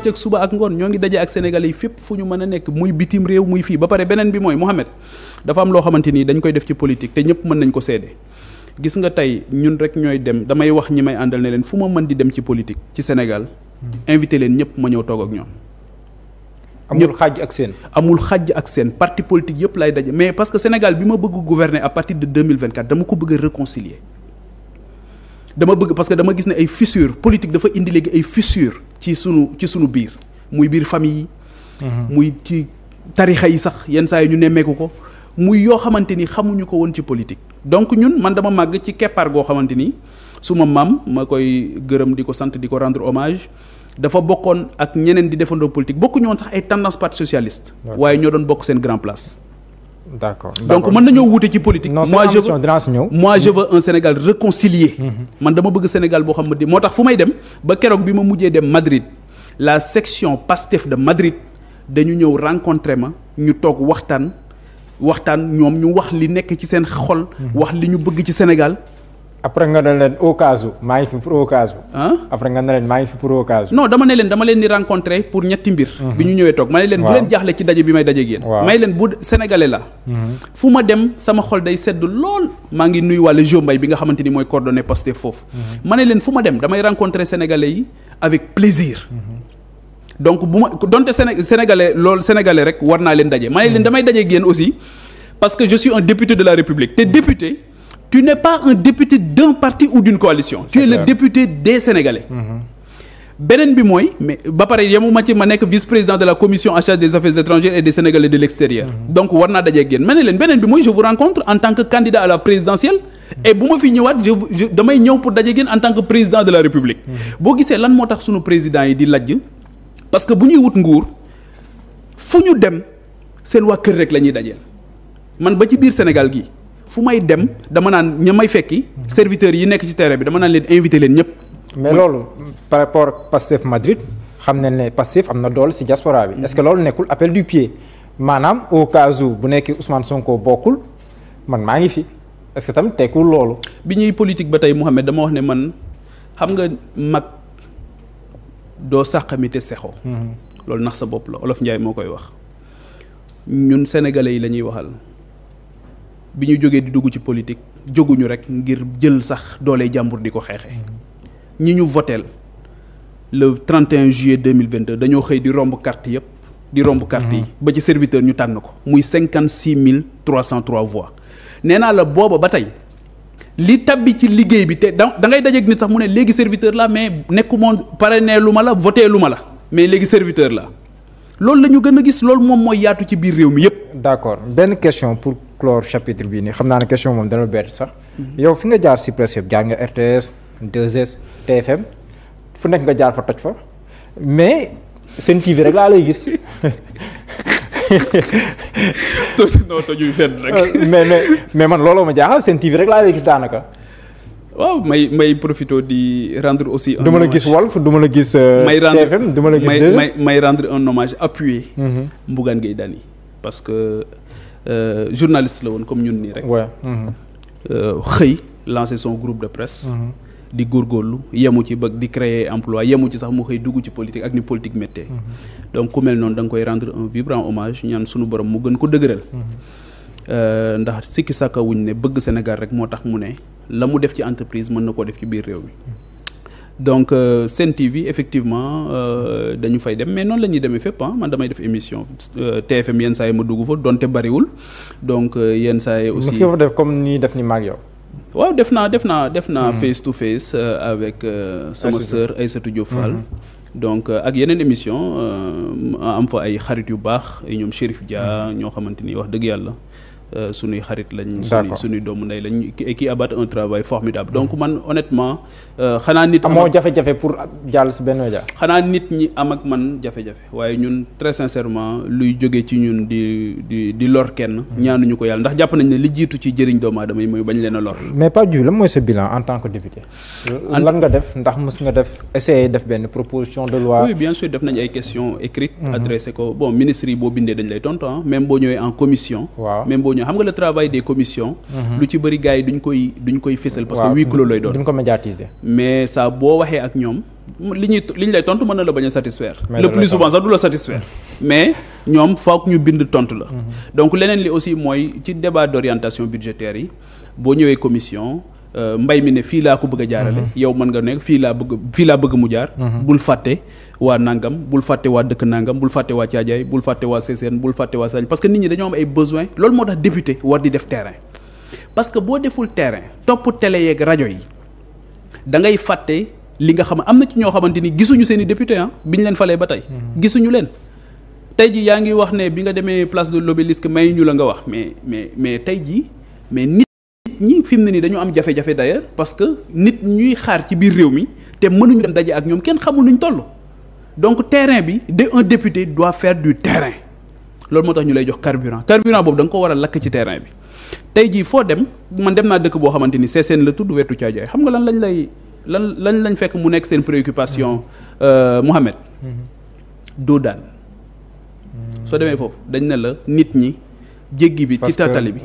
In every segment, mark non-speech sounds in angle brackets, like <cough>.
bëccëg suba ak ngoon ñoo ngi daje ak sénégal yi fépp fu ñu mën a nekk muy bitim réew muy fii ba pare beneen bi mooy Mohamed dafa am loo xamante nii dañ koy def ci politique te ñëpp mën nañ ko seede gis nga tey ñun rek ñooy dem damay wax ñi may àndal ne leen fu ma mën di dem ci politique ci Sénégal hmm. invité leen ñëpp ma ñëw toog ak ñoom. amul xàjj ak seen. amul xàjj ak seen parti politique yëpp lay daje mais parce Sénégal bi ma bëgg gouverner à partir de deux mille vingt ko bëgg a dama bëgg parce que dama gis ne ay fissure politique dafa indi léegi ay fissure ci sunu ci sunu biir muy biir famille mhm. muy ci tarixa yi sax yenn saa yi ñu nemmeeku ko muy yoo xamante ni xamuñu ko woon ci politique donc ñun man dama màgg ci keppaar goo xamante ni suma mam ma koy gërëm di ko sant di ko rendre hommage dafa bokkoon ak ñeneen di defandoo politique bokku ñoon sax ay tendance parti socialiste waaye ñoo doon bokk seen grand place d'accord donc mën nañoo wuute ci politique. moi je veux moi je veux un Sénégal réconcilié. Mm-hmm. man dama bëgg Sénégal boo xam ne moo tax fu may dem ba keroog bi ma mujjee dem Madrid la section Pastef de Madrid dañu ñëw rencontré ma ñu toog waxtaan waxtaan ñoom ñu wax li nekk ci seen xol. Mm-hmm. wax li ñu bëgg ci Sénégal après nga ne au cas où maa ngi fi pour au cas où. Hein? après nga ne leen ngi fi pour au cas où. non dama ne len dama len ni rencontrer pour ñetti mbir. Mhm. bi ñu ñëwee toog ma ne leen. bu len jaxlé ci daje bi may daje génn. may len bu sénégalais la. Mhm. fuma ma dem sama xol day sédd lool. ma ngi nuy walé Jo Mbaye bi nga xamanteni moy mooy coordonné Pastef mhm. ma ne len fuma dem damay rencontrer sénégalais yi avec plaisir. donc bu donte Séné sénégalais lool sénégalais rek war na len daje. ma ne leen damay daje génn aussi parce que je suis un député de la République té député tu n'es pas un député d'un parti ou d'une coalition. tu es le député des Sénégalais. Mhm. beneen bi mooy mais ba pare vice président de la commission en charge des affaires étrangères et des Sénégalais de l'extérieur. Mhm. donc menen je vous rencontre en tant que candidat à la présidentielle. Mhm. et si je, fi ñëwaat je damay ñëw pour en tant que président de la république. Si vous lan moo que sunu président yi dit lajj parce que bu ñuy wut fu ñu dem C'est waa kër rek la ñuy man ba Sénégal fu may dem dama naan ña may fekki serviteurs yi nekk ci terrain bi dama naan leen invité leen ñëpp. mais loolu par rapport Pastef Madrid xam nañ ne Pastef am na dool ci diaspora bi. est que loolu nekkul appel du pied maanaam au cas où bu nekkee Ousmane Sonko bokkul man maa ngi fi est que tamit tekkul loolu. bi ñuy politique ba tey Mouhamed dama wax ne man xam nga mag doo sàqamite sexo mhm. loolu nax sa bopp la Olof Ndiaye moo koy wax ñun sénégalais yi la ñuy waxal. biñu ñu di dugg ci politique jóguñu rek ngir jël sax doole jambour diko ko xeexee mm-hmm. ñi ñu voteel le 31 juillet 2022 dañoo xey di romb carte yépp di romb carte yi mm-hmm. ba ci serviteur ñu tànn ko muy 56303 voix nee naa la booba ba tey li tabbi ci liggéey bi te da ngay dajeeg nit sax mu ne léegi serviteur la mais nekkuma parrainé lu ma la voté lu ma la mais léegi serviteur la loolu la ñu gën a gis loolu moom mooy yaatu ci biir réew mi yëpp d'accord benn question pour clore chapitre bii nii xam naa ne question moom dana bett sax. yow fi nga jaar si presse yëpp jaar nga RTS 2 TFM fu nekk nga jaar fa toj fa mais seen TV rek laa lay gis. toj noo euh, mais man looloo ma jaaxal seen rek laa lay daanaka. waaw may may profité di rendre aussi. un hommage gis Walf du gis. Euh, may rendre TFM du ma la gis. may may mhm. parce que. Euh, journaliste la woon comme ñun nii rek. Mhm. Euh, xëy lancer son groupe de presse. Mhm. di góorgóorlu yemu ci bëgg di créer emploi yemu ci sax mu xëy dugg ci politique ak ni politique méttee. Mhm. donc ku mel noonu da nga koy rendre un vibrant hommage ñaan sunu borom mu gën ko dëgëral. Euh, ndax sikki sàkka wuñ ne bëgg Sénégal rek moo tax mu ne la mu def ci entreprise mën na koo def ci biir réew mi donc euh, Sen TV effectivement euh, dañu fay dem mais non lañuy ñuy demee fépp ah. man damay def émission euh, TFM yenn say yi ma dugg fa donte bariwul donc euh, yenn saa yi. aussi est que vous def comme ni def ni maag yow. waaw def naa def naa def naa hmm. face to face avec sama sœur Aïssatou Diop Fall hmm. donc ak yeneen émission am fa ay xarit yu baax ñom Cherif Dia ñoo xamante ni wax deug yalla euh, suñuy xarit lañ. suñuy suñuy doomu ndey lañ qui abat un travail formidable donc mm. man honnêtement. Euh, xanaa nit amoo jafe-jafe pour jàll si benn ja xanaa nit ñi am ak man jafe-jafe waaye ñun très sincèrement luy jóge ci ñun di di di lor kenn. Mm. ñaanuñu ko yàlla ndax jàpp nañ ne li jiitu ci jëriñ doomu aadama yi mooy bañ leen a lor. mais pas Diouf lan mooy sa bilan en tant que député. lan nga def ndax mës nga def essayer def benn proposition de loi. oui bien sûr def nañ ay questions écrites. Mm-hmm. adressé ko bon ministre yi boo bindee dañ lay tontu ah. même boo ñëwee en commission. waaw même boo ñëw xam nga le travail des commissions. Mhm. lu ci bëri gars yi duñ koy duñ koy fessel parce que huis clos lay doon duñ ko médiatiser. mais ça boo waxee ak ñoom li ñuy li ñu lay tontu mën na la bañ a satisfaire. le plus souvent sax du la satisfaire. mais ñoom foog ñu bind tontu la. Mhm. donc leneen li aussi mooy ci débat d' orientation budgétaire yi boo ñëwee commission. Euh, mbay mi ne fii laa ko bëgg a jaarale mhm. yow mën nga ne fii laa bëgg fii laa bëgg mu jaar mhm. bul fàtte waa nangam bul fàtte waa dëkk nangam bul fàtte waa caajaay bul fàtte waa Sessène bul fàtte waa Sañ parce que nit ñi dañoo am ay besoin loolu moo tax député war di def terrain parce que boo deful terrain topp télé yeeg rajo yi da ngay fàtte li nga xam am na ci ñoo xamante ni gisuñu seen i député ah, bi ñu leen falee ba tey mhm. gisuñu leen tey ji yaa ngi wax bi nga de l'obélisque may ñu la nga ñi fi mu ne nii dañu am jafe-jafe d'ailleurs parce que nit ñuy xaar ci biir réew mi te mënuñu dem daje ak ñoom kenn xamul nuñ toll donc terrain bi de un député doit faire du terrain loolu moo tax ñu lay jox carburant carburant boobu da nga ko war a lakk ci terrain bi tey jii foo dem man dem naa dëkk boo xamante ni Sessène la tudd wetu Caajaay xam nga lan lañ lay lan lan lañ fekk mu nekk seen préoccupation euh, Mohamed. Mm-hmm. Doodaan. Mm-hmm. soo demee foofu dañ ne la nit ñi. jéggi bi ci tatali bi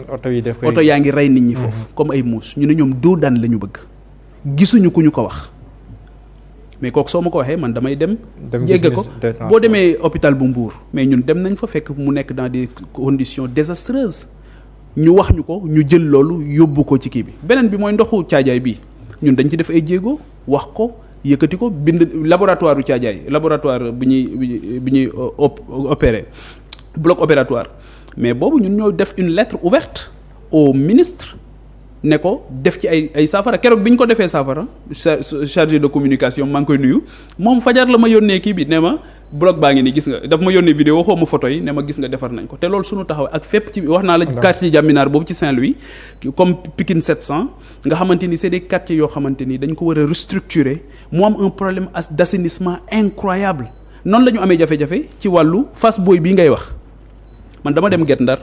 oto yaa ngi rey nit ñi mhm. foofu comme ay muus ñu ne ñoom doo daan lañu bëgg gisuñu ku ñu ko wax mais kooku soo ma ko waxee man damay dem jégge ko boo demee hôpital bu mbuur mais ñun dem nañ fa fekk mu nekk dans des conditions désastreuses ñu wax ñu ko ñu jël loolu yóbbu ko ci kii bi beneen bi mooy ndoxu caajaay bi ñun dañ ci def ay jéego wax ko yëkkati ko bind laboratoire u caajaay laboratoire bu ñuy bi ñuy euh, opéré bloc mais boobu ñun ñoo def une lettre ouverte au ministre ne ko def ci ay ay safara keroog bi ñu ko defee safara chargé de communication maa ngi koy nuyu moom fajar la ma yónnee kii bi ne ma blog baa ngi nii gis nga daf ma yónnee vidéo xaw ma photo yi ne ma gis nga defar nañ ko te loolu suñu taxaw ak fépp ci wax naa la quartier jaminar boobu ci Saint-Louis comme Pikine 700 nga xamante ni c'est des quartiers yoo xamante ni dañ ko war a restructurer mu am un problème d'assainissement incroyable noonu la ñu amee jafe-jafe ci wàllu face boy bii ngay wax man dama dem get ndar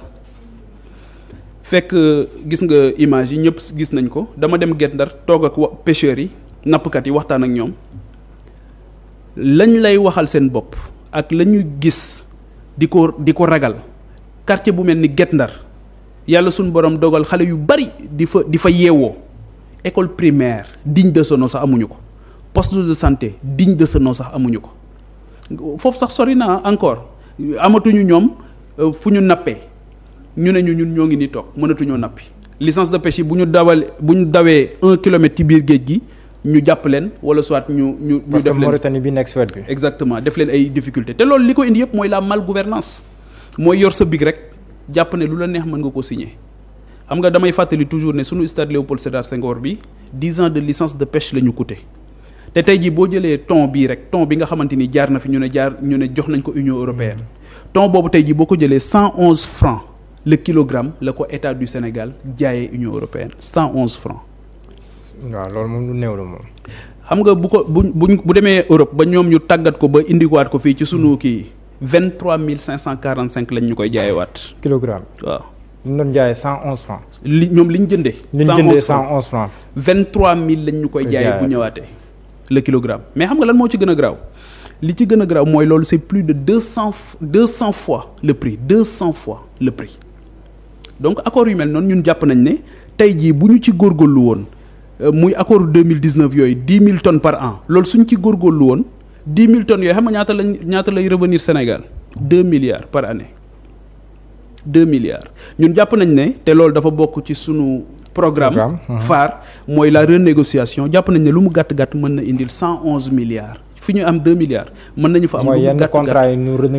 fekk euh, gis nga image yi ñëpp gis nañ ko dama dem get ndar toog ak pêcheur yi kat yi waxtaan ak ñom lañ lay waxal seen bop ak lañu gis diko diko ragal quartier bu melni get ndar yalla sun borom dogal xalé yu bari di fa di fa yeewoo école primaire digne de ce nom sax amuñu ko poste de santé digne de ce nom sax amuñu ko sax sori encore amatuñu ñom Euh, fu ñu nappee ñu né ñun ñoo ngi ni mënatu mënatuñoo nappi licence de pêche buñu dawal buñu dawé 1 km ci biir géej gi ñu japp len wala soit ñu ñu. ñu def len parce que bi nekk Suède bi. exactement def len ay difficulté té loolu liko indi yëpp moy la gouvernance moy yor sa big rek japp né lu la neex mën nga ko signer xam nga damay fàttali toujours ne sunu stade Léopold Sédar Senghor bi 10 ans de licence de pêche lañu coûté. te tey jii boo jëlee ton bii rek ton bi nga xamante ni jaar na fi ñu ne jaar ñu ne jox nañ ko Union européenne mm-hmm. ton boobu tey jii boo ko jëlee cent onze francs le kilogramme la ko état du Sénégal jaayee Union européenne cent onze francs. waaw loolu moom lu néew la moom. xam nga bu ko bu bu bu demee Europe ba ñoom ñu tàggat ko ba indiwaat ko fii ci suñu mm-hmm. kii vingt trois mille cinq cent quarante cinq lañ ñu koy jaayewaat. kilogramme waaw. ñu doon jaayee cent onze francs. li ñoom li ñu jëndee. cent onze francs li ñu jëndee cent onze francs. vingt trois ñu koy jaayee bu le kilogramme. Mais xam nga lan mo ci gëna graw? Li ci gëna graw moy c'est plus de 200 200 fois le prix, 200 fois le prix. Donc accord yu mel non ñun japp nañ né tay ji buñu ci gorgolu won euh, accord 2019 yoy 10000 tonnes par an. Lolu suñ ci 10 won 10000 tonnes yoy xam nga ñaata la lay revenir Sénégal? 2 milliards par année. 2 milliards. Ñun japp nañ né té lolu dafa bokku ci sunu programme uh-huh. phare moy la renégociation japp nañ ne lu mu gatt gàtt mën na indil 111 milliards fi ñu am 2 milliards mën nañu fa am lu mu gàtt-gàtt milliards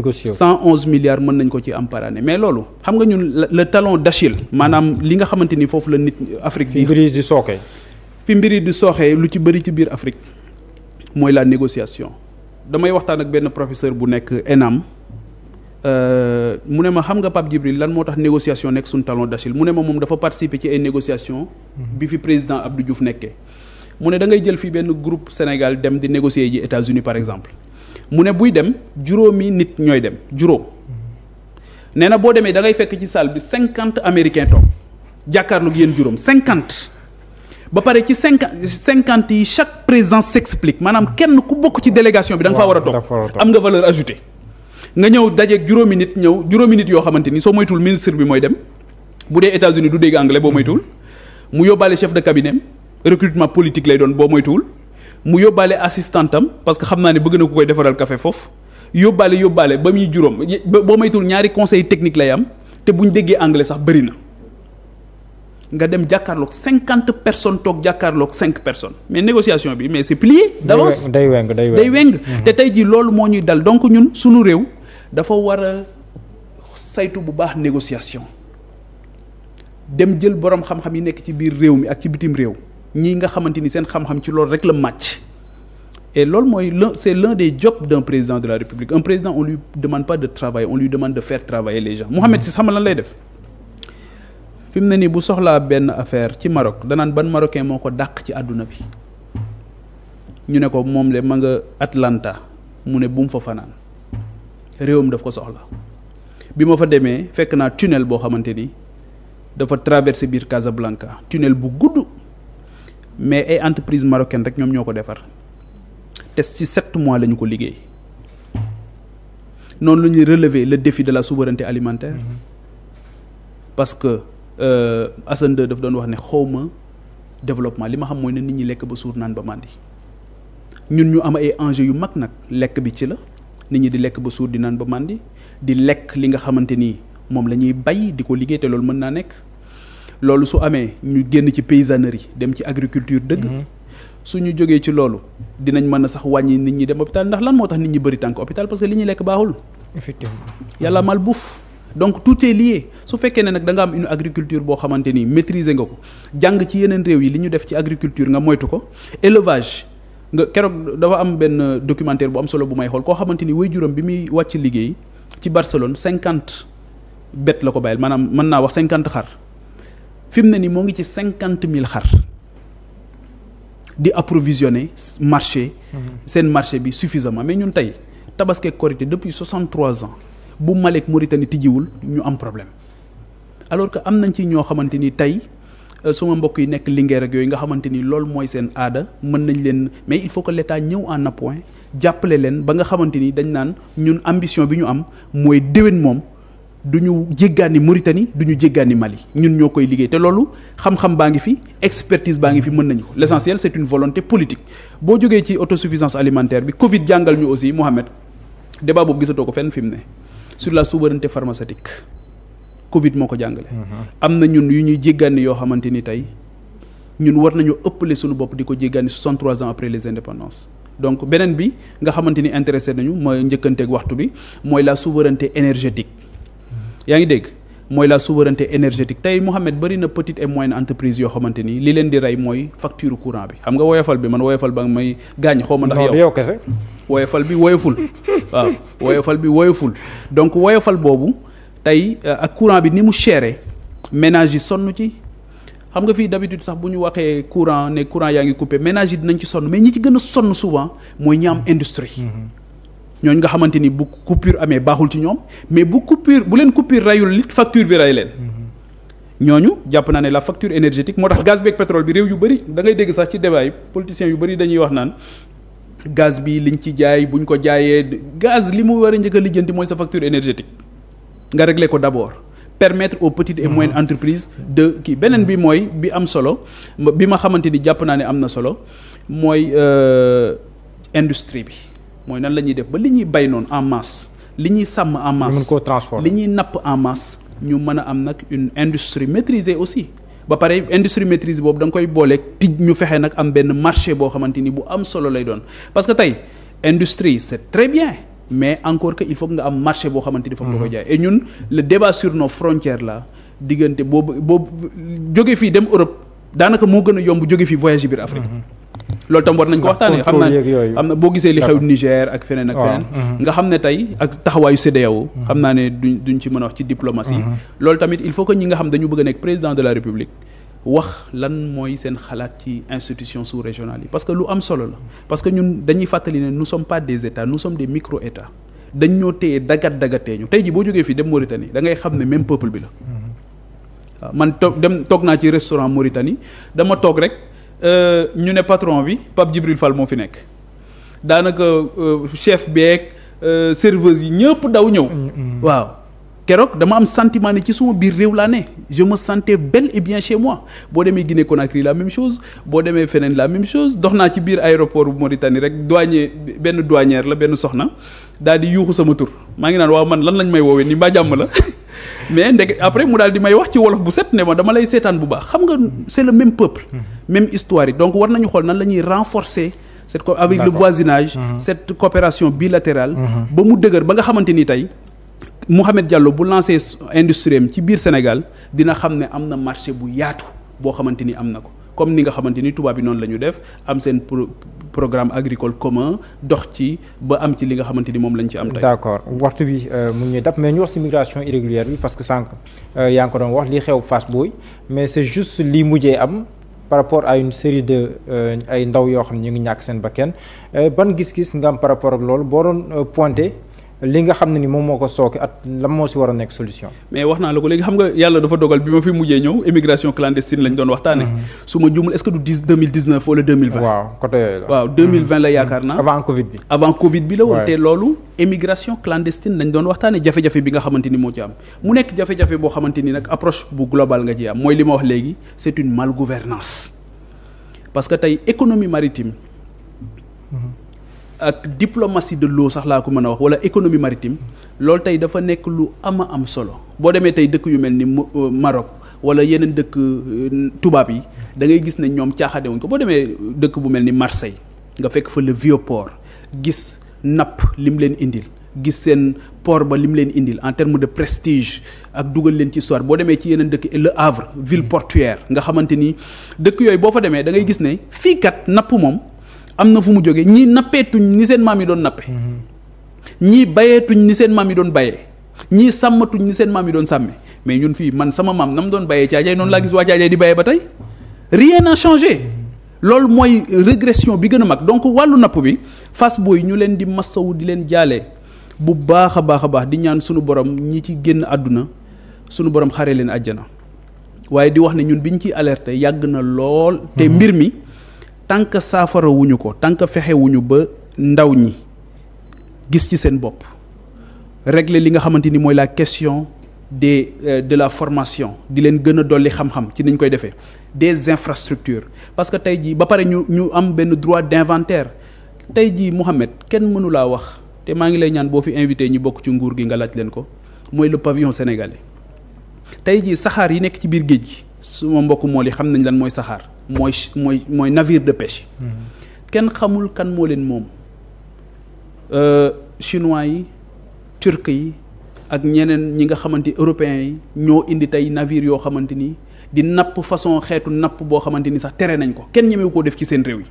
mën nañ ko ci am par année mais loolu xam nga ñun le talon d'Achille manam li nga xamanteni ni foofu la nit Afrique bi fi mbiri di soxé lu ci bari ci biir Afrique mooy la négociation damay waxtaan ak benn professeur bu nekk ENAM euh, mu ne ma xam nga pap jibril lan motax tax négociation nekk talon d'Achille mu ne ma moom dafa participer ci ay négociation mhm. bi fi président Abdou Diouf nekkee mu da ngay jël fi benn groupe Sénégal dem di négocier ji États-Unis par exemple mu buy dem juróomi nit ñoy dem juro. Mhm. néna bo démé da ngay fekk ci salle bi 50 américains toog jàkkaarloog yeen juróom 50 ba pare ci 50 yi chaque présence s'explique manam mhm. kenn ku bokk ci délégation bi da nga fa wara a am nga valeur ajoutée nga ñëw dajeeg juróomi nit ñëw juróomi nit yoo xamante ni soo moytuwul ministre bi mooy dem bu dee États-Unis du dégg anglais boo moytuwul mu yóbbaale chef de cabinet recrutement politique lay doon boo moytuwul mu yóbbaale assistant am parce que xam naa ne bëgg na ku koy defaral kafe foofu yóbbaale yóbbaale ba muy juróom boo moytuwul ñaari conseil technique lay am te buñ déggee anglais sax bëri na nga dem jàkkaarlook cinquante personnes toog jàkkaarlook cinq personnes mais négociation bi mais c'est plié d'avance day weng day weng mm-hmm. te tey jii loolu moo ñuy dal donc ñun suñu réew dafa war a saytu bu baax négociation dem jël borom xam-xam yi nekk ci biir réew mi ak ci bitim réew ñii nga xamante seen xam-xam ci loolu rek la màcc et loolu mooy c'est l'un des jobs d'un président de la République un président on lui demande pas de travail, on lui demande de faire travailler les gens Mohamed si xam lan lay def fi mu ne nii bu soxlaa benn affaire ci Maroc danaan ban marocain moo ko dàq ci àdduna bi ñu ne ko moom le ma Atlanta mu ne bu mu fa fanaan réewam daf ko soxla bi ma fa demee fekk naa tunnel boo xamante ni dafa traversé biir Casablanca tunnel bu gudd mais ay entreprise marocaine rek ñoom ñoo ko defar te ci sept mois lañu ko liggéey noonu la ñuy relever le défi de la souveraineté alimentaire mm-hmm. parce que euh, Assane II daf doon wax ne xawma développement li ma xam mooy ne nit ñi lekk ba suur naan ba màndi ñun ñu am ay enjeux yu mag nag lekk bi ci la nit ñi di lekk ba suur di naan ba màndi di lekk li nga xamante ni moom la ñuy bay di ko liggéey te loolu mën naa nekk loolu su amee ñu génn ci paysannerie dem ci agriculture dëgg mhm. ñu jógee ci loolu dinañ mën a sax wàññi nit ñi dem hôpital ndax lan moo tax nit ñi bëri tànk hôpital parce que li ñuy lekk baaxul effectivement yàlla mal buuf donc tout est lié su fekkee ne nag danga am une agriculture boo xamante ni maîtriser nga ko jàng ci yeneen réew yi li ñu def ci agriculture nga moytu ko élevage nga keroog dafa am benn documentaire bu am solo bu may xool koo xamante ni bi Barcelone cinquante bet la ko bàyyil wax cinquante xar fi mu ne ci xar di marché. Mhm. marché bi suffisamment mais ñun tey corité depuis 63 ans bu Malek Mauritanie des ñu am problème alors que am nañ ci ñoo euh, suma mbokk yi nekk Linguère ak yooyu nga xamante ni loolu mooy seen aada mën nañ leen mais il faut que l'État ñëw en appoint jàppale leen ba nga xamante ni dañ naan ñun ambition bi ñu am mooy déwén moom duñu Mauritanie duñu Mali ñun ñoo koy liggéey te loolu xam-xam baa fi expertise baa ngi fi mën nañu ko l'essentiel c'est une volonté politique boo jógee ci autosuffisance alimentaire bi Covid jàngal ñu aussi Mohamed débat boobu gisatoo ko fenn fi mu sur la souveraineté pharmaceutique Covid moo ko jàngale. Mm-hmm. am na ñun yu ñuy jéggaani yoo xamante ni tey ñun war nañu ëppale suñu bopp di ko jéggaani 63 ans après les indépendances. donc beneen bi nga xamante ni intéressé nañu mooy njëkkanteeg waxtu bi mooy la souveraineté énergétique. Mm-hmm. yaa ngi dégg mooy la souveraineté énergétique tey Mouhamed bëri na petite et moyenne entreprise yoo xamante ni li leen di rey mooy facture courant bi xam nga woyofal bi man woyofal ba nga may gaañ. xoo ma ndax yow yow kese. woyofal bi woyoful <laughs> bi woyoful donc woyofal boobu. tey euh, ak courant bi ni mu chéré ménage yi sonn ci xam nga fii d'habitude sax bu ñu waxee courant ne courant yaa ngi coupé ménage yi dinañ ci sonn mais ñi ci gën a sonn souvent mooy ñi am industrie mm-hmm. ñooñu nga xamante ni bu coupure amee baaxul ci ñoom mais bu coupure bu leen coupure rayul lit facture bi ray leen mm-hmm. ñooñu jàpp naa ne la facture énergétique moo tax gaz bi ak pétrole bi réew yu bëri da ngay dégg sax ci débat yi yu bëri dañuy wax naan gaz bi liñ ci jaay buñ ko jaayee gaz li mu war a njëkk a lijjanti mooy sa facture énergétique nga régler ko d'abord permettre aux petites et moyennes mhm. entreprises de qui beneen bi moy mhm. bi am solo bi ma xamanteni japp jàpp naa amna solo na euh, industrie bi moy nan lañuy def ba li ñuy bay non en masse li ñuy sàmm en masse li ñuy napp en masse ñu mëna am nak une industrie maîtrisée aussi ba pareil industrie maîtrise boobu dang koy bolé tij ñu fexé nak am benn marché bo xamanteni ni bu am solo lay doon parce que tay industrie c'est très bien mais encore que il faut que nga am marché boo xamante ni foofu nga koy mhm. jaay et ñun le débat sur nos frontières là diggante boobu boobu jóge fii dem Europe daanaka moo gën a yomb jóge fii voyage biir Afrique mhm. loolu tam war nañ ko waxtaanee xam naa xam na boo gisee li xew Niger ak feneen ak feneen mhm. nga xam ne tey ak taxawaayu CEDEAO xam naa ne duñ duñ ci mën a wax ci diplomatie loolu tamit il faut que ñi nga xam dañu bëgg a nekk président de la République wax lan mooy seen xalaat ci institution sous-régionale yi parce que lu am solo la parce que ñun dañuy fàttali ne nous sommes pas des états nous sommes des micro-états dañ ñoo téye dagat dagatee ñu tey ji boo jógee fii dem Mauritanie da ngay xam ne même peuple bi la mm-hmm. man toog dem toog naa ci restaurant Mauritanie dama toog rek euh, ñu ne patron bi Pape Djibril Fall moo fi nekk daanaka euh, chef beeg euh, serveuse yi ñëpp daw ñëw mm-hmm. waaw kérok dama am sentiment ne ci suma biir rew la né je me sentais bel et bien chez moi bo demee guiné Conakry la même chose bo demee feneen la même chose doxna ci biir aéroport bu Mauritanie rek douanier ben douanière la ben soxna daal di yuuxu sama tour maa ngi naan waaw man lan lañ may wowe ni ba jàmm la <laughs> mais ndek après mu daal di may wax ci wolof bu set ne ma dama lay sétane bu baax xam nga c'est le même peuple mhm. même histoire donc war nañu xol nan la renforcer cette avec le voisinage mhm. cette coopération bilatérale mhm. ba mu deuguer ba nga xamanteni tay Mohamed Diallo bu lancer industrie ci biir Sénégal dina xamné amna marché bu yaatu bo xamanteni ni ko comme ni nga xamanteni Touba bi non lañu def am seen programme agricole commun dox ci ba am ci li nga xamanteni mom lañ ci am tay d'accord waxtu bi euh, mu ngi dab mais ñu wax ci migration irrégulière bi parce que sank euh, yaa ngi ko doon wax li xew face boy mais c'est juste li mujjé am. par rapport à une série de euh, ay ndaw yo xam ne ñu ngi ñàkk seen bakkan ban gis-gis nga am par rapport ak loolu boo doon pointer li nga xam ne ni moom moo ko sooke at lan moo si war a nekk solution. mais wax naa la ko léegi xam nga yàlla dafa dogal bi ma fi mujjee ñëw immigration clandestine lañ doon waxtaanee. Mhm. suma ma est-ce que du dix 2019 mille dix neuf wala deux mille vingt. waaw côté waaw deux mille vingt la yaakaar naa. Mhm. avant Covid bi avant Covid bi la woon te loolu. immigration clandestine lañ doon waxtaanee jafe-jafe bi nga xamante ni moo ci am mu nekk jafe-jafe boo xamante ni nag approche bu globale nga ci am mooy li ma wax léegi c'est une mal gouvernance parce que tey économie maritime. ak diplomatie de loo sax laa ko mën a wax wala économie maritime loolu tey dafa nekk lu ama am solo boo demee tey dëkk yu mel ni euh, Maroc wala yeneen dëkk euh, tubaab yi dangay gis ne ñoom caaxaade wuñ ko boo demee dëkk bu mel ni Marseille nga fekk fa le vieux port gis napp lim leen indil gis seen port ba lim leen indil en terme de prestige ak dugal leen ci histoire boo demee ci yeneen dëkk Le Havre ville portuaire nga xamante ni dëkk yooyu boo fa demee da ngay gis ne fii kat napp moom. amna fu mu jógee ni seen mam yi doon nappe ñi bayeetuñ ni seen mam yi doon bayé ñi sàmmatuñ ni seen mam yi doon samé mais ñun fi man sama mam na mu doon bayee caajaay non la gis waa di bayé ba rien n'a changé L'ol moy régression bi gën mag donc walu nap bi Fass boy ñu leen di massaw di leen jalé bu baaxa baaxa baax di ñaan suñu borom ñi ci génn aduna suñu borom xaré leen aljana waaye di wax ne ñun biñ ci alerté na tant que saafara wuñu ko tant que fexe wuñu ba ndaw ñi gis ci seen bopp régler li nga xamante ni mooy la question des euh, de la formation di leen gën a dolli xam-xam ci niñ koy defee des infrastructures parce que tey jii ba pare ñu ñu am benn droit d'inventaire tey jii Mouhamed kenn mënu laa wax te maa ngi lay ñaan boo fi invité ñu bokk ci nguur gi nga laaj leen ko mooy le pavillon sénégalais tey jii saxaar yi nekk ci biir géej gi suma mbokk mool yi xam nañ lan mooy saxaar mooy mooy mooy navire de pêche. Mm-hmm. kenn xamul kan moo leen moom euh, chinois yi turcs ak ñeneen ñi nga xamante européens yi ñoo indi tey navire yoo xamante ni di napp façon xeetu napp boo xamante ni sax tere nañ ko kenn ñemewu koo def ci seen réew yi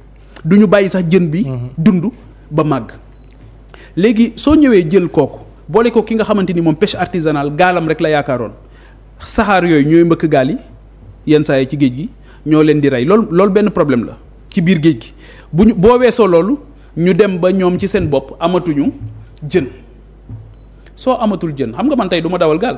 du ñu bàyyi sax jën bi mm-hmm. dund ba màgg léegi soo ñëwee jël kooku boole ko ki nga xamante ni moom pêche artisanale gaalam rek la yaakaaroon saxaar yooyu ñooy mbëkk gaal yi yenn saa yi ci géej gi ñoo leen di rey lool loolu benn problème la ci biir géej gi bu ñu boo weesoo loolu ñu dem ba ñoom ci seen bopp amatuñu jën soo amatul jën xam nga man tey du ma dawal gaal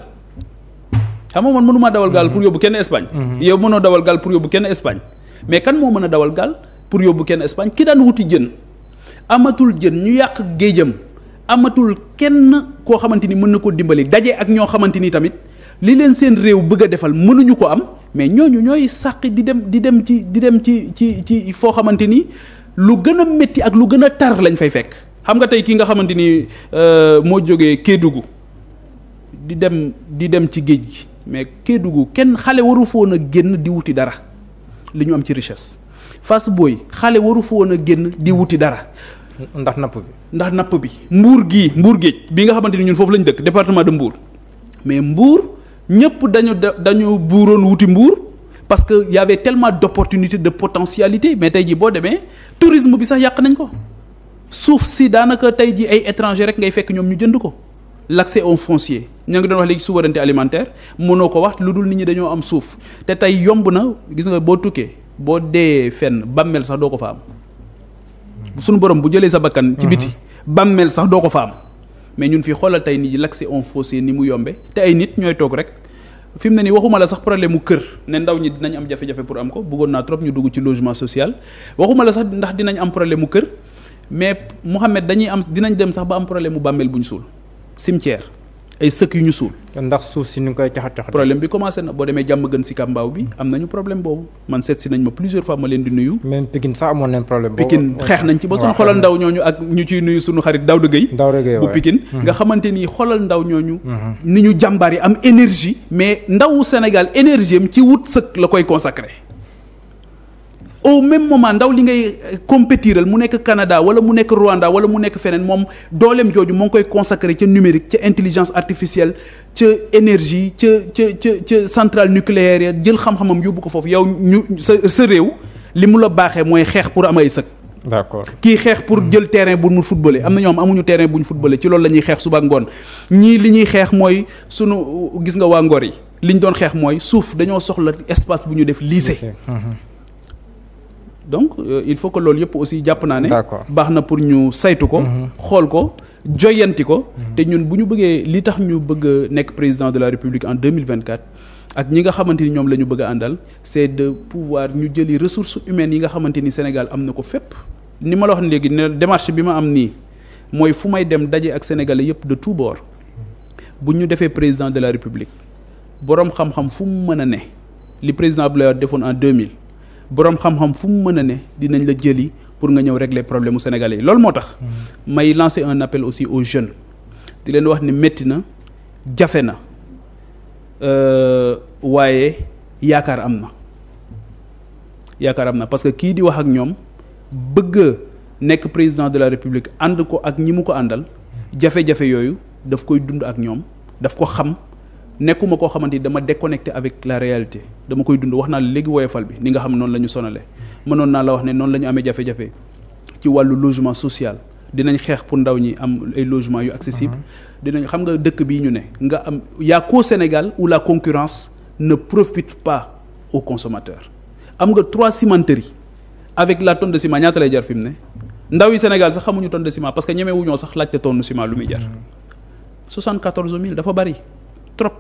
xam nga man mënuma dawal gaal pour yóbbu kenn Espagne. Mhm. yow mënoo dawal gaal pour yóbbu kenn Espagne mais kan moo mën a dawal gaal pour yóbbu kenn Espagne ki daan wuti jën amatul jën ñu yàq géejam amatul kenn koo xamante ni mën na ko dimbali daje ak ñoo xamante ni tamit. li leen seen réew bëgg a defal mënuñu ko am mais ñooñu ñooy sàq di dem di dem ci di dem ci ci ci foo xamante ni lu gën a métti ak lu gën a tar lañu fay fekk. xam nga tey kii nga xamante ni euh, moo jógee Kédougou di dem di dem ci géej gi mais Kédougou kenn xale waru foon a génn di wuti dara li ñu am ci richesse fas booy xale waru foon a génn di wuti dara. ndax napp bi ndax napp bi. Mbour gii Mbour géej bi nga xamante ni ñun foofu lañ dëkk département de Mbour ñëpp dañu dañu buuroon wuti mbuur parce que y avait tellement d'opportunités de potentialité mais tey jii boo demee tourisme bi sax yàq nañ ko suuf si daanaka tey jii ay étrangers rek ngay fekk ñoom ñu jënd ko l'accès au foncier ñoo ngi doon wax léegi souveraineté alimentaire mënoo ko wax lu nit ñi dañoo am suuf te tey yomb na gis nga boo tukkee boo dee fenn bammel sax doo ko fa am sunu borom bu jëlee sa bakkan ci biti mhm. bammel sax doo ko fa am mais ñun fii xoolal tey nii l'accès en fossé ni mu yombe te ay nit ñooy toog rek fi mu ne nii waxuma la sax problème mu kër ne ndaw ñi dinañ am jafe-jafe pour am ko bëggoon naa trop ñu dugg ci logement social waxuma la sax ndax dinañ am problème mu kër mais Mouhamed dañuy am dinañ dem sax ba am problème mu bàmmeel bu ñu suul cimetière ay sëkk yu ñu suul. ndax suuf si ñu problème bi commencé na boo gën bi problème man seet si nañ ma plusieurs fois ma leen di nuyu. même Pikine problème Pikine xeex nañ ci ba suñu xolal ndaw ñooñu ak ñu nga xolal ndaw mm-hmm. ni ñu am énergie. mais ndawu Sénégal énergie ci consacré au même moment ndaw li ngay euh, compétiral mu nek Canada wala mu nek Rwanda wala mu nek fenen mom dooleem jooju mo ngoy consacrer ci numérique ci intelligence artificielle ci énergie ci ci ci centrale nucléaire ya jël xam-xamam yóbbu ko fofu yow ñu sa sa réew la baxé moy xex pour am ay seuk d'accord ki xex pour hmm. jël terrain bu mu footballé amna ñoom amuñu terrain bu footballer. footballé ci loolu la xex suba ngone ñi liñuy xex moy suñu sunu gis nga wa Ngor yi liñ doon xex moy souf dañoo soxla espace buñu def lycée. Hmm, hmm donc euh, il faut que loolu yëpp aussi jàpp naa ne. baax na pour ñu saytu ko. Mhm. xool ko joyanti ko. Mhm. te ñun bu ñu bëggee li tax ñu bëgg nekk président de la république en 2024. ak ñi nga xamante ni ñoom la ñu bëgg a àndal c'est de pouvoir ñu jëli ressources humaines yi nga xamante ni Sénégal am na ko fépp. ni ma la wax ne léegi ne démarche bi ma am nii mooy fu may dem daje ak sénégalais yëpp de tout bord bu ñu defee président de la république borom xam-xam fu mu mën a ne li président Abdoulaye Wade defoon en 2000 borom xam-xam fu mu mën a ne dinañ la jëli pour nga ñëw régler problème sénégalais loolu moo tax. Mm. may lancer un appel aussi aux jeunes di leen wax ne métti na jafe na euh, waaye yaakaar am na yaakaar am na parce que kii di wax ak ñoom bëgg nekk président de la république ànd ko ak ñi ko àndal mm. jafe-jafe yooyu daf koy dund ak ñoom daf ko xam nekkuma koo xamante ni dama déconnecté avec la réalité dama koy dund wax naa la léegi woyofal bi ni nga xam noonu la ñu sonalee mënoon naa la wax ne noonu la ñu amee jafe-jafe ci wàllu logement social dinañ xeex pour ndaw ñi am ay logements yu accessible uh-huh. dinañ xam nga dëkk bii ñu ne nga am y'a qu'au Sénégal où la concurrence ne profite pas aux consommateurs am nga trois cimenteries avec la tonne de ciment ñaata lay jar fi mu ne ndaw yi Sénégal sax xamuñu tonne de ciment parce que ñemewuñoo sax laajte tonne ciment lu muy jar 74 mm-hmm. 000 dafa bari trop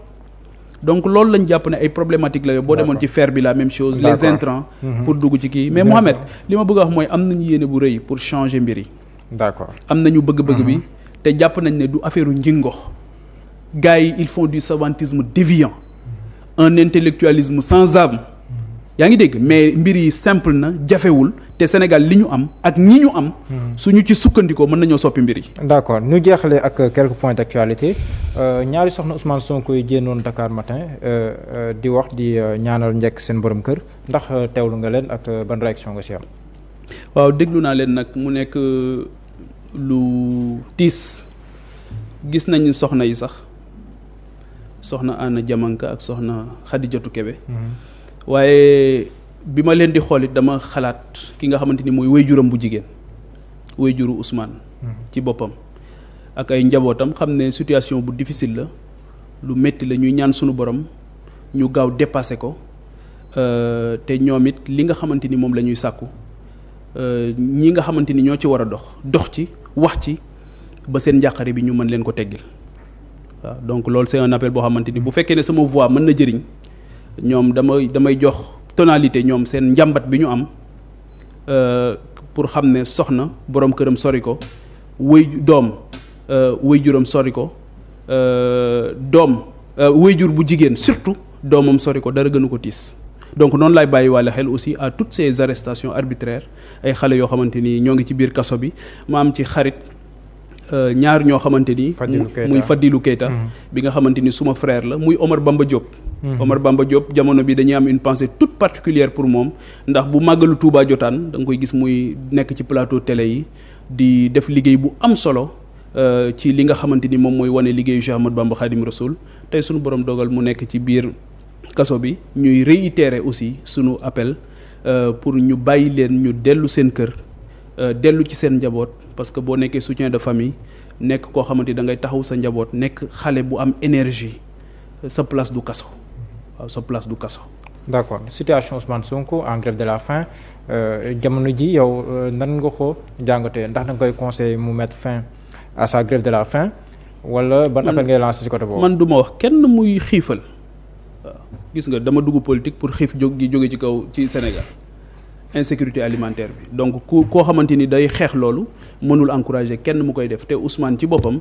donc loolu lañ japp ne ay problématique la yo boo demoon ci fer bi la même chose les intrants mhm. pour dugg ci ki mais Mohamed lima bëgg wax moy am nañu yéene bu reuy pour changer mbiri d'accord am nañu bëgg-bëgg bi mhm. té japp nañ ne du affaire u njingox gars yi ils font du savantisme déviant mhm. un intellectualisme sans âme yaa ngi dégg mais mbir yi simple na jafewul te Sénégal li ñu am ak ñi ñu am. Hmm. suñu ci sukkandikoo mën nañoo soppi mbir yi. d'accord ñu jeexalee ak quelques points d'actualité euh, ñaari soxna Ousmane Sonko yi génnoon Dakar matin euh, euh, di wax di ñaanal njekk seen borom kër ndax teewlu nga leen ak ban réaction nga si am. waaw déglu naa leen nag mu nekk lu tiis gis nañu soxna yi sax soxna ànn Diamanka ak soxna Khadijatou Kebe. Mm waaye bi ma leen di xool dama xalaat ki nga xamante ni mooy wayjuram bu jigéen wayjuru Ousmane. Mhm. ci boppam ak ay njabootam xam ne situation bu difficile la lu métti la ñuy ñaan sunu borom ñu gaaw dépassé ko euh, te ñoom it li nga xamante ni moom lañuy ñuy sàkku euh, ñi nga xamante ni ñoo ci war a dox dox ci wax ci ba seen njàqare bi ñu mën leen ko teggil waaw donc loolu c'est appel boo xamante ni bu fekkee ne sama voix mën na jëriñ. ñoom damay damay jox tonalité ñoom seen njàmbat bi ñu am euh, pour xam ne soxna borom këram sori ko wëy doom euh, wëy juram sori ko euh, doom wëy jur bu jigéen surtout doomam sori ko dara gënu ko tiis donc noonu lay bàyyi waale xel aussi à toutes ces arrestations arbitraires ay xale yoo xamante ni ñoo ngi ci biir kaso bi ma am ci xarit euh, ñaar ñoo xamante ni. muy Fadilou Keita mm-hmm. bi nga xamante ni suma frère la muy Omar Bamba Diop. Mm-hmm. Omar Bamba Diop jamono bi dañuy am une pensée toute particulière pour moom ndax bu màggalu Touba jotaan da nga koy gis muy nekk ci plateau télé yi di def liggéey bu am solo euh, ci li nga xamante ni moom mooy wane liggéeyu Cheikh Bamba Khadim Rasoul tey sunu borom dogal mu nekk ci biir kaso bi ñuy réitérer aussi sunu appel euh, pour ñu bàyyi leen ñu dellu seen kër. Euh, dellu ci seen njaboot parce que boo nekkee soutien de famille nekk koo xamante da ngay taxaw sa njaboot nekk xale bu am énergie sa place du kaso sa place du kaso. d' accord situation Ousmane Sonko en grève de la faim euh, jamono ji yow euh, nan nga ko jàngatee ndax da nga koy conseiller mu mettre fin à sa grève de la faim. wala ban appel ngay lancé ci côté boobu. man du ma wax kenn muy xiifal. gis nga dama dugg politique pour xiif jóg gi jóge ci kaw ci Sénégal insécurité alimentaire bi donc ku koo xamante ni day xeex loolu mënul encourager kenn mu koy def té Ousmane ci boppam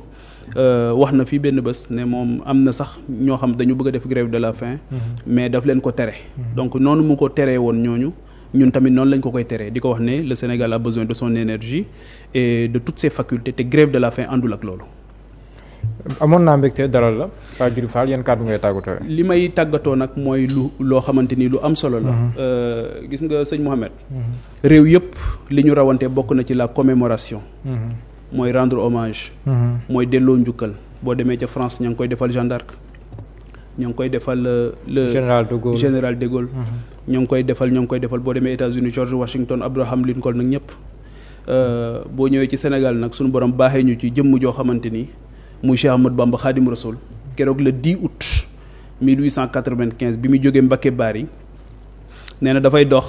euh, wax na fi benn bés ne moom am na sax ñoo xam dañu bëgg a def grève de la faim mhm. mais daf leen ko tere mhm. donc noonu mu ko teree woon ñooñu ñun tamit noonu lañ ko koy di wax ne le Sénégal a besoin de son énergie et de toutes ses facultés te grève de la faim andul ak loolu amoon naa mbégte dalal la Pape Djibril Fall yan kàddu ngay tàggatoo. li may tàggatoo nag mooy lu loo xamante ni lu am solo la. Mhm. Euh, gis nga sëñ Mouhamed. Mhm. réew yëpp li ñu rawante bokk na ci la commémoration. Mhm. mooy rendre hommage. mooy delloo njukkal boo demee ca France ña ngi koy defal Jeanne d'Arc ñoo ngi koy defal euh, le général de Gaulle général de Gaulle. ñoo ngi koy defal ñoo ngi koy defal boo demee États-Unis George Washington Abraham Lincoln nag ñëpp. Euh, boo ñëwee ci Sénégal nag suñu borom baaxee ñu ci jëmm joo muy Cheikh Ahmadou Bamba Khadim Rasoul kérok le 10 août 1895 bi mi joggé Mbacké Bari néna da fay dox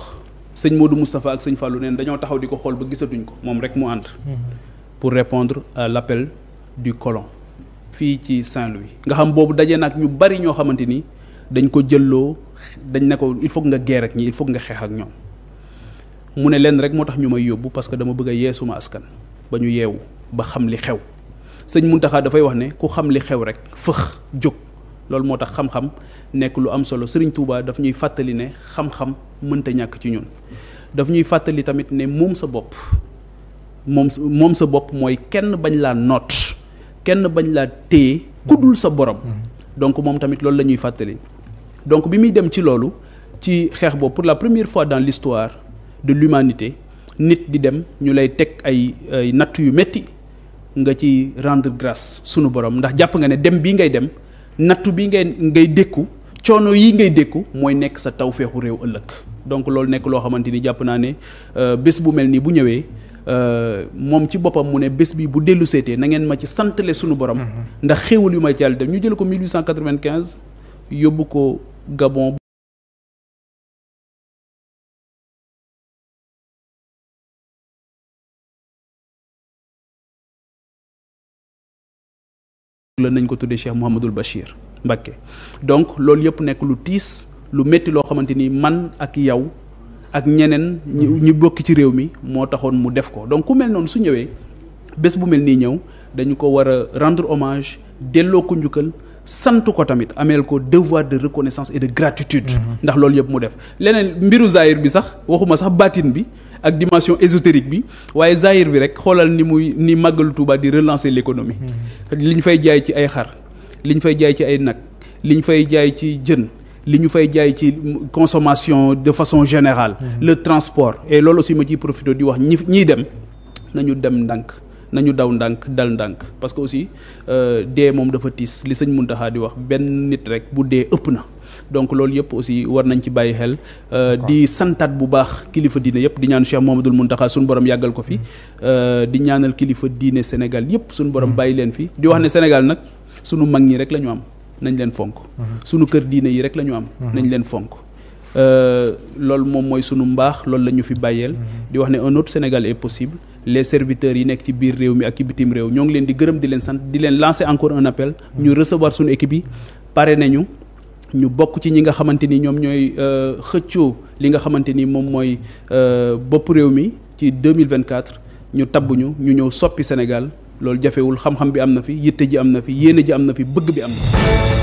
sëñ Modou Moustapha ak sëñ Fallou nee na dañoo taxaw diko xol ba gisatuñ ko mom rek mu ànd. Mhm. pour répondre à l'appel du colon. fii ci Saint-Louis nga xam boobu dajee nag ñu bari ñoo xamante ni dañ ko jëlloo dañ ne ko il faut nga guerre ak ñi il faut nga xeex ak ñoom mu ne leen rek moo tax ñu may yóbbu parce que dama bëgg a yee askan ba ñu yeewu ba xam li xew sëñ Muntaxa dafay wax ne ku xam li xew rek fëx jóg loolu moo xam-xam nekk lu am solo sëriñ Touba daf ñuy ne xam-xam mënta ñàkk ci ñun ce ñuy tamit ne moom sa bopp moom sa bopp mooy kenn bañ laa note kenn bañ laa sa borom donc moom tamit loolu donc bi dem ci ci pour la première fois dans l'histoire de l'humanité nit di nga ci rendre grâce sunu borom ndax jàpp nga ne dem bii ngay dem nattu bi ngay ngay dékku coono yi ngay dékku mooy nekk sa taw feexu réew ëllëg donc loolu nekk loo xamante ni jàpp naa ne euh, bés bu mel nii bu ñëwee euh, moom ci boppam mu ne bés bi bu dellu seetee na ngeen ma ci santale sunu borom. Mm-hmm. ndax xéewal yu ma ci yàlla ñu jël ko 1895 yóbbu ko Gabon. la nañ ko tuddee Cheikh Mouhamadul Bachir Mbacké donc loolu yëpp nekk lu tiis lu métti loo xamante ni man ak yow ak ñeneen mm-hmm. ñu bokk ci réew mi moo taxoon mu def ko donc ku mel noonu su ñëwee bés bu mel nii ñëw dañu ko war a rendre hommage delloo ko njukkal sant ko tamit amel ko devoir de reconnaissance et de gratitude. Mhm. ndax loolu yeb mu def lenen mbiru zahir bi sax waxuma sax batine bi ak dimension ésotérique bi waye zahir bi rek xolal ni muy ni màggalu touba di relancer l'économie. Mhm. liñ fay jaay ci ay xar liñ fay jaay ci ay nak liñ fay jaay ci liñu fay jaay ci consommation de façon générale. Mhm. le transport et loolu aussi ma ciy profité di wax ñi dem nañu dem nañu daw ndank dal ndank parce que aussi euh, dé mom dafa tiss li sëñ muntaxaa di wax ben nit rek bu dé ëpp na donc lool yëpp aussi war nañ ci bayyi xel euh, di santat bu baax kilifa diine yëpp di ñaan cheikh mohamadul muntaxa sun borom yagal ko fi mm-hmm. euh, di ñaanal kilifa diine sénégal yëpp sun borom mm-hmm. bayyi leen fi di wax né mm-hmm. sénégal nak sunu mag ñi rek lañu am nañ leen fonk sunu kër diine yi rek lañu am nañ leen fonk mom moy sunu mbax loolu lañu fi bayel. di wax né un autre sénégal est possible les serviteurs yi nek ci biir réew mi ak bitim réew ñoo ngi leen di gërëm di leen sant di leen lancer encore un appel ñu recevoir suñu équipe bi paré nañu ñu bokk ci ñi nga xamante ni ñoom ñooy euh, xëccoo li nga xamante ni moom mooy euh, bopp réew mi ci 2024 ñu tabb ñu ñu ñëw soppi Sénégal loolu jafewul xam-xam bi am na fi yitte ji am na fi yéene ji am na fi bëgg bi am na fi